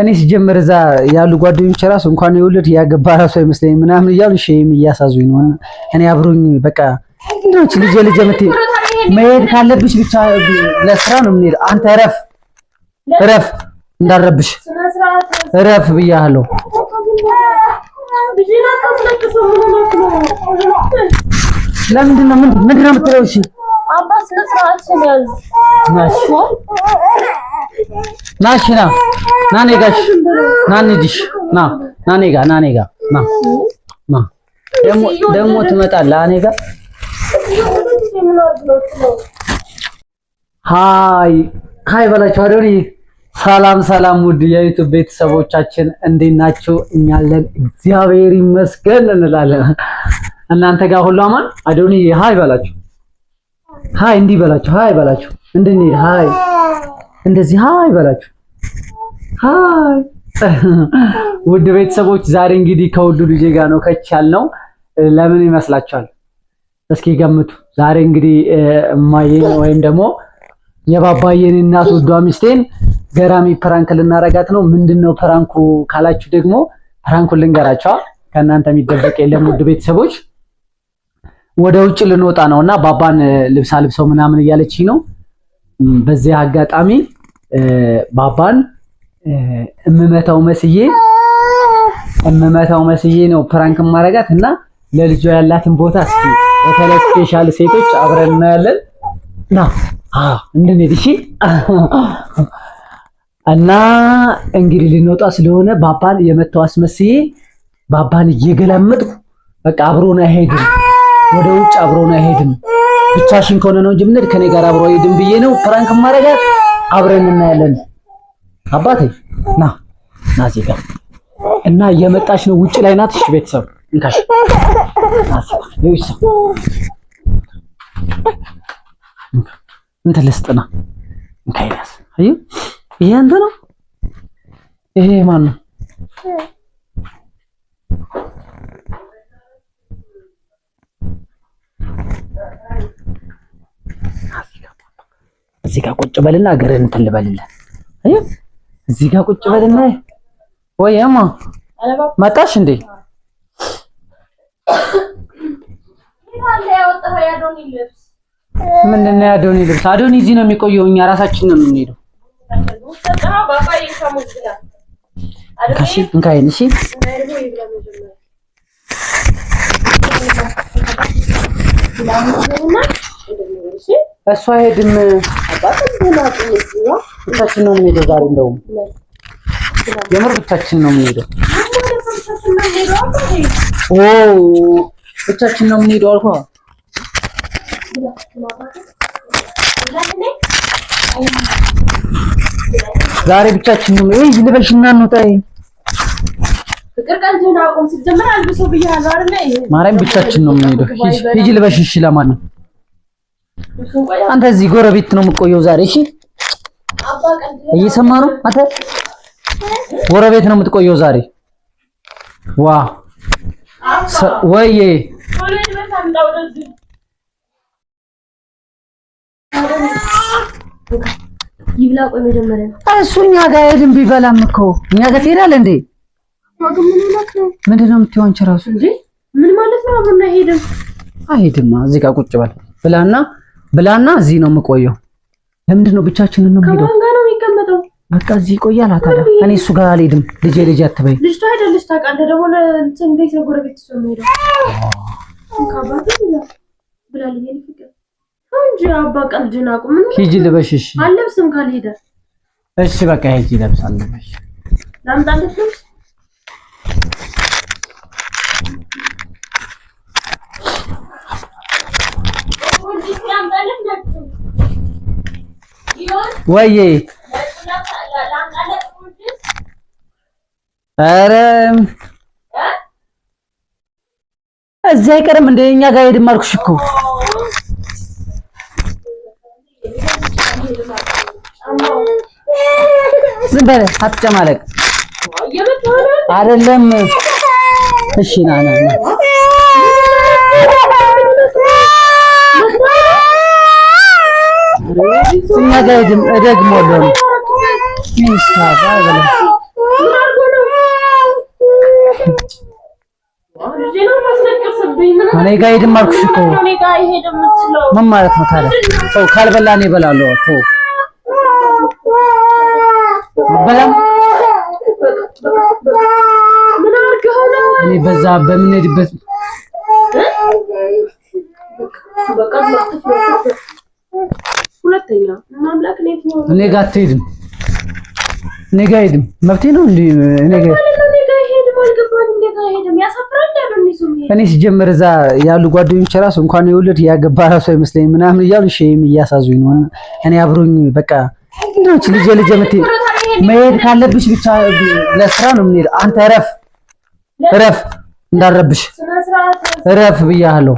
እኔ ሲጀምር እዛ ያሉ ጓደኞች ራሱ እንኳን የወለድ ያገባ ራሱ አይመስለኝ ምናምን እያሉ ሼም እያሳዙኝ ነው። እኔ አብሮኝ በቃ እንደውች ልጅ ልጅ ምት መሄድ ካለብሽ ብቻ ለስራ ነው የምንሄደው። አንተ እረፍ እረፍ፣ እንዳረብሽ እረፍ ብያለሁ። ለምንድን ነው ምንድን ነው የምትለው? እሺ አባ ስነ ስርዓት ያዝ ናሽ ና ና ኔጋሽ ና ንድሽ ና ና ኔጋ ና ኔጋ ና ና ደሞ ደሞ ትመጣለህ አኔጋ ሃይ ሃይ በላችሁ አዶኒ ሰላም ሰላም፣ ውድ የዩቱብ ቤተሰቦቻችን እንዴት ናችሁ? እኛለን እግዚአብሔር ይመስገን እንላለን። እናንተ ጋር ሁሉ አማን? አዶኒ ሃይ በላችሁ፣ ሃይ እንዲህ በላችሁ፣ ሃይ በላችሁ፣ እንድንሄድ ሃይ እንደዚህ ሀይ በላችሁ። ሀይ ውድ ቤተሰቦች፣ ዛሬ እንግዲህ ከውዱ ልጄ ጋር ነው ከች ያልነው። ለምን ይመስላችኋል? እስኪ ገምቱ። ዛሬ እንግዲህ እማዬን ወይም ደግሞ የባባዬን እናት ውዷ ሚስቴን ገራሚ ፕራንክ ልናረጋት ነው። ምንድነው ፕራንኩ ካላችሁ ደግሞ ፕራንኩን ልንገራቸዋ። ከእናንተ የሚደበቅ የለም ውድ ቤተሰቦች። ወደ ውጭ ልንወጣ ነው እና ባባን ልብሳ ልብሰው ምናምን እያለች ነው። በዚህ አጋጣሚ ባባን እምመታው መስዬ እምመታው መስዬ ነው ፕራንክ ማረጋት እና ለልጇ ያላትን ቦታ እስኪ በተለይ ስፔሻል ሴቶች አብረን እናያለን። ና እንድንሄድ እሺ። እና እንግዲህ ልንወጣ ስለሆነ ባባን የመታው አስመስዬ ባባን እየገላመጥኩ በቃ አብሮን አይሄድም፣ ወደ ውጭ አብሮን አይሄድም። ብቻሽን ከሆነ ነው እንጂ የምንሄድ ከኔ ጋር አብሮ አይሄድም ብዬ ነው ፕራንክ ማረጋት አብረን እናያለን። አባቴ ና ና እዚህ ጋር እና እየመጣች ነው። ውጭ ላይ ናት። እሺ ቤተሰብ እንካሽ እንትን ልስጥና እንካይዳስ አይ ይሄ እንትን ነው። ይሄ ማን ነው? እዚህ ጋር ቁጭ በልና እግርህን እንትን ልበልልህ። አይ እዚህ ጋር ቁጭ በልና ወይ እማ መጣሽ እንዴ? ምንድን ነው የአዶኒ ልብስ? አዶኒ እዚህ ነው የሚቆየው፣ እኛ ራሳችን ነው የምንሄደው። ካሺ እንካይን እሺ አይሄድም ብቻችን ነው የምንሄደው። ዛሬ እንደውም የምር ብቻችን ነው የምንሄደው። ብቻችን ነው የምንሄደው አልኩህ። ዛሬ ብቻችን ነው ልበሽና እንውጣ። ማርያም ብቻችን ነው የምንሄደው። ሂጂ ልበሽ። እሺ ለማንም አንተ እዚህ ጎረቤት ነው የምቆየው ዛሬ። እሺ እየሰማ ነው። አንተ ጎረቤት ነው የምትቆየው ዛሬ። ዋ ወይዬ እሱ እኛ ጋር ሄድን ቢበላም እኮ እኛ ጋር ትሄዳለህ እንዴ? ምንድን ነው የምትይው አንቺ እራሱ? ምን ማለት ነው? አሁን አይሄድም። አይሄድማ እዚህ ጋር ቁጭ በል ብላና ብላና እዚህ ነው የምቆየው። ለምንድን ነው ብቻችንን ነው የሚሄደው? ነው የሚቀመጠው? በቃ እዚህ ይቆያል። ታዲያ እኔ እሱ ጋር አልሄድም። ልጄ ልጄ አትበይ። ልጅቷ አይደለች ታውቃለህ። ደግሞ ለእንትን ቤት ነው ጎረቤት እሱ ነው የሄደው። ሂጂ ልበሽሽ። አለብስም ካልሄደ እሺ፣ በቃ ሂጂ ለብሳለሽ። ላምጣልሽ ልብስ ወይ አረ እዚህ አይቀርም እንደ እኛ ጋር ሄድም አልኩሽ እኮ ዝም በለው አትጨማለቅ አይደለም እሺ ና ና Ne dedim? Eregim oğlum. Ne istedim? Öyle. እኔ ጋ ሄድም አልኩሽ እኮ ምን ማለት ነው ታዲያ? ሰው ካልበላ እኔ እበላለሁ። ተው አበላም እኔ በዛ በምንሄድበት እኔ ጋር አትሄድም፣ እኔ ጋር ሄድም መብቴ ነው። እኔ ሲጀመር እዛ ያሉ ጓደኞች ራሱ እንኳን የወለድ ያገባ ራሱ ምናምን እያሉ ሼም እያሳዙኝ ነው። እኔ አብሮኝ በቃ መሄድ ካለብሽ ብቻ ለስራ ነው የምንሄድ። አንተ እረፍ እረፍ፣ እንዳረብሽ እረፍ ብያለሁ።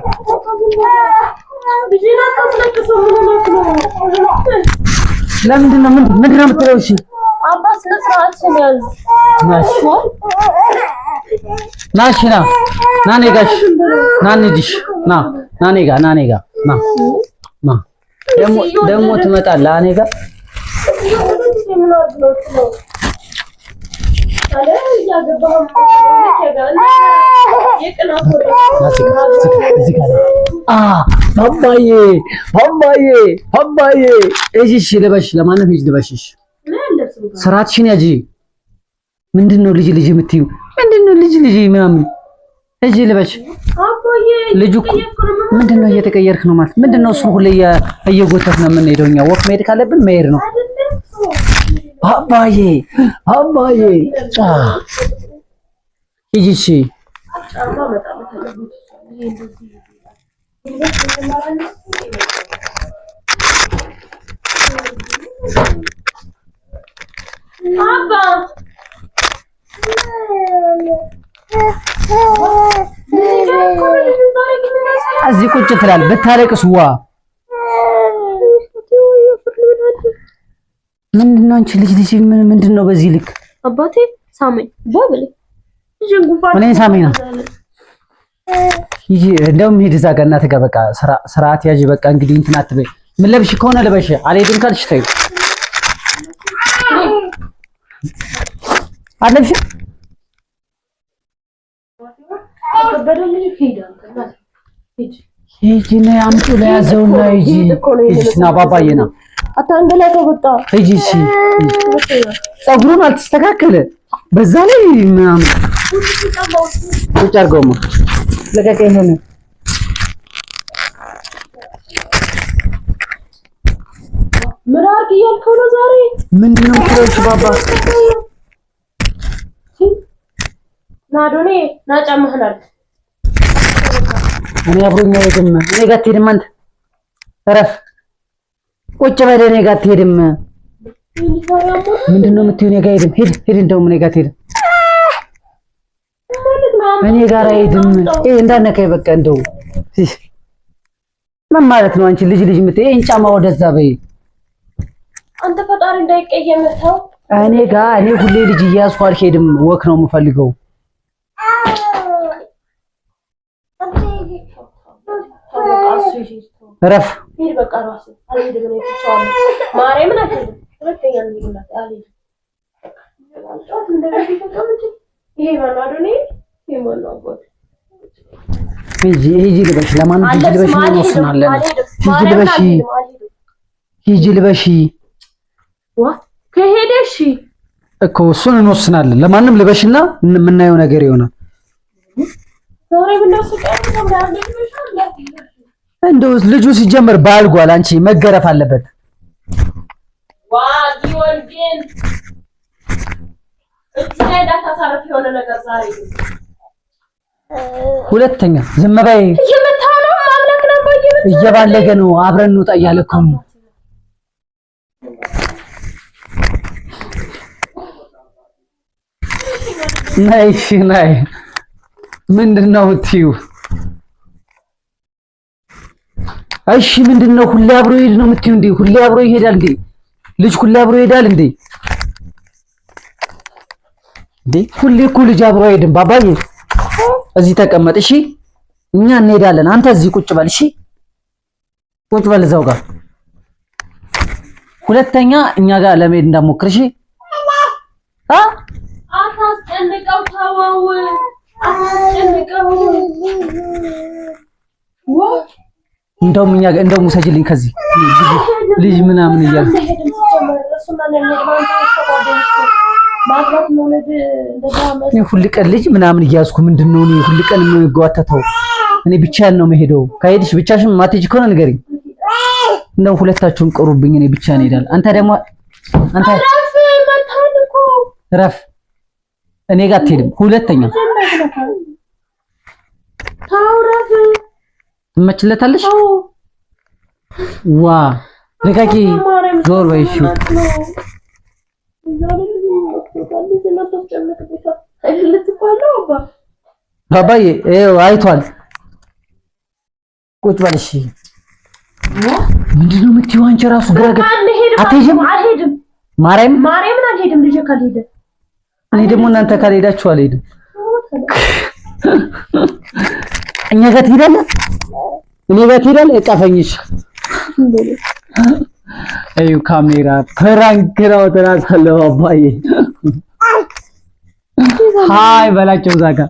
ለምንድን ነው ምንድን ነው የምትለው? እሺ አባ ስነ ስርዓት ስለያዝ ናሽ ናሽ ና ና እኔ ጋሽ ና እንሂድሽ ና ና እኔ ጋር ና እኔ ጋር ና ና ደግሞ ደግሞ ትመጣለህ እኔ ጋር እዚህ ጋር ባባዬ ባባዬ ባባዬ እሺ፣ እሺ ልበሽ፣ ለማንም ሂጅ ልበሽሽ፣ ስራትሽን ያጂ። ምንድነው ልጅ ልጅ የምትይው? ምንድነው ልጅ ልጅ ምናምን እጂ ልበሽ ልጁ ምንድነው እየተቀየርክ ነው ማለት ምንድነው? እሱ ሁሌ እየጎተት ነው የምንሄደው እኛ። ወፍ መሄድ ካለብን መሄድ ነው። አባዬ አባዬ ሂጂ እሺ እዚህ ቁጭ ትላል ብታለቅስ ዋ ምንድን ነው አንቺ ልጅ ልጅ ምንድን ነው በዚህ ልክ አባቴ ሳመኝ ቦ ብለህ እኔን ሳመኝ ነው እንደውም ሂድ እዛ ጋር እናትህ ጋር በቃ ስርዓት ያዥ። በቃ እንግዲህ እንትን አትበይ። ምን ለብሽ ከሆነ ልበሽ። አልሄድም ካልሽ ተይው። አለብሽም ሂጂ ነው አምጡ ሂጂ ና ሂጂ። ፀጉሩን አልተስተካከለ በዛ ላይ ምናምን ቁጭ አድርገውማ ለቀቀኝ ሆነ ምራቅ እያልከው ነው ዛሬ ምንድን ነው ባባ ናዶኔ ና ጫማህን እኔ አብሮኛ እኔ ጋር አንተ እረፍ ቁጭ በል እኔ ጋር ነው የምትይው እኔ ጋር ሄድም ሂድ ሂድ እንደውም እኔ ጋር እኔ ጋር አይሄድም። ይሄ እንዳነካኝ በቃ እንደው ምን ማለት ነው? አንቺ ልጅ ልጅ የምትይ ይሄን ጫማ ወደዛ በይ። አንተ ፈጣሪ እንዳይቀየም ተው። እኔ ጋር እኔ ሁሌ ልጅ እያዝኩ አልሄድም። ወክ ነው የምፈልገው። ረፍ ይሄ ሂጂ ልበሽ፣ ለማንም ሂጂ ልበሽ እንወስናለን። ሂጂ ልበሽ፣ ሂጂ ልበሽ ከሄደሽ እኮ እሱን እንወስናለን። ለማንም ልበሽና የምናየው ነገር ይሆናል። እንደው ልጁ ሲጀመር ባልጓል፣ አንቺ መገረፍ አለበት። ዋጊ ሁለተኛ ዝም በይ። እየባለገ ነው። አብረን እንውጣ እያለ እኮ ነው። ነይ እሺ ነይ። ምንድን ነው የምትይው? እሺ ምንድን ነው ሁሌ አብሮ ይሄድ ነው የምትይው እንዴ? ሁሌ አብሮ ይሄዳል እንዴ? ልጅ ሁሌ አብሮ ይሄዳል እንዴ? ሁሌ እኮ ልጅ አብሮ አይሄድም ባባዬ እዚህ ተቀመጥ። እሺ፣ እኛ እንሄዳለን። አንተ እዚህ ቁጭ በል። እሺ፣ ቁጭ በል እዛው ጋር። ሁለተኛ እኛ ጋር ለመሄድ እንዳትሞክር። እሺ። አ አታስጨንቀው፣ ተወው፣ አታስጨንቀው። እንደውም እኛ ጋር እንደውም ውሰጂልኝ ከዚህ ልጅ ምናምን እያለ ማግባት ሁል ቀን ልጅ ምናምን እያዝኩ ምንድን ነው እኔ ሁል ቀን የምንጓተተው? እኔ ብቻዬን ነው መሄደው። ከሄድሽ ብቻሽን ማትሄጂ ከሆነ ንገሪኝ። እንደው ሁለታችሁን ቅሩብኝ፣ እኔ ብቻዬን እሄዳለሁ። አንተ ደግሞ አንተ ረፍ እኔ ጋር አትሄድም። ሁለተኛ ትመችለታለሽ። ዋ ልቀቂ፣ ዞር በይ እሺ ባባዬ አይቷል። ቁጭ በል እሺ። ምንድን ነው የምትይው አንቺ? እራሱ ግራ ገባ። አትሄጂም? ማርያምን ማርያምን አልሄድም። ልጄ ካልሄደ እኔ ደግሞ እናንተ ካልሄዳችሁ አልሄድም። እኛ ጋር ትሄዳለህ፣ እኔ ጋር ትሄዳለህ። እቀፈኝሽ እዩ ካሜራ ፕራንክ ነው። ተናሳለሁ አባዬ ሀይ በላቸው እዛ ጋር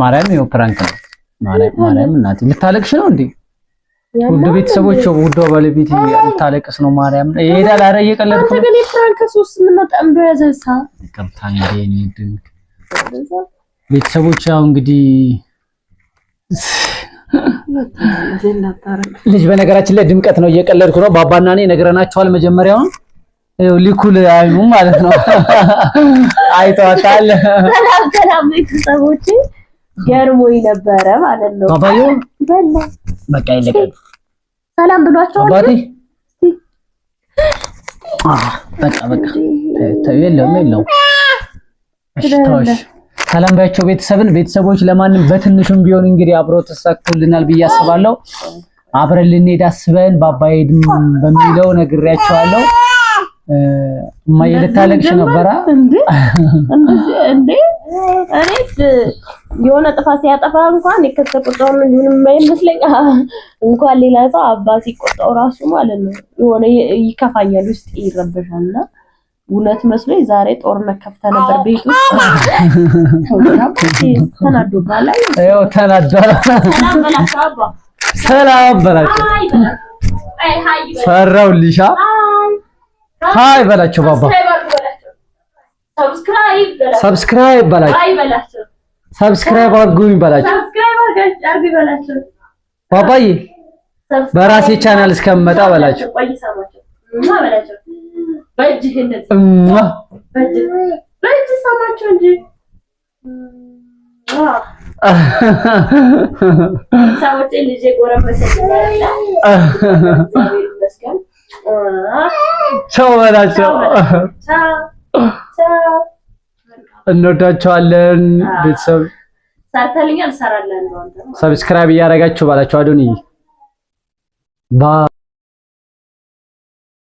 ማርያም ይኸው ፕራንክ ነው። ማርያም እናቴ ልታለቅሽ ነው እንዴ? ውድ ቤተሰቦች ውድ ባለቤት ልታለቅስ ነው። ማርያም ይሄዳል። ኧረ እየቀለድኩ ነው። ግን ፕራንክ ሶስት ምን ነው ጠምዶ ይቅርታ እንዴ ነው ድንቅ ቤተሰቦች ያው እንግዲህ ልጅ በነገራችን ላይ ድምቀት ነው። እየቀለድኩ ነው። ባባና እኔ ነግረናቸዋል መጀመሪያውን ሊኩል አይኑ ማለት ነው አይተዋታል። ሰላም ሰላም ቤተሰቦቼ፣ ገርሞኝ ነበረ ማለት ነው። በላ በቃ ሰላም ብሏቸው አባቴ በቃ በቃ የለውም የለውም። ሰላም ባያቸው ቤተሰብን ቤተሰቦች፣ ለማንም በትንሹም ቢሆን እንግዲህ አብሮ ተሳክቶልናል ብዬ አስባለሁ። አብረን ልንሄድ አስበን በአባይድም በሚለው ነግሬያቸዋለሁ። እማዬ ልታለቅሽ ነበረ እንዴ? እንዴ የሆነ ጥፋት ሲያጠፋ እንኳን የከተቆጣው ምንም የማይመስለኝ። እንኳን ሌላ ሰው አባ ሲቆጣው ራሱ ማለት ነው የሆነ ይከፋኛል፣ ውስጥ ይረበሻልና እውነት መስሎኝ ዛሬ ጦርነት ከፍታ ነበር ቤት ውስጥ። ተናዶባላ ይኸው ተናዷል። ሰላም በላቸው። ሰራው ልሻ ሀይ በላቸው ባባ ሰብስክራይብ በላቸው ሰብስክራይብ አድርጉኝ በላቸው ባባዬ በራሴ ቻናል እስከምመጣ በላቸው ሰዎች ልጄ ጎረመሰ ቻው በላቸው። እንወዳቸዋለን ቤተሰብ ሰብስክራይብ እያደረጋችሁ ባላቸው አዶኒ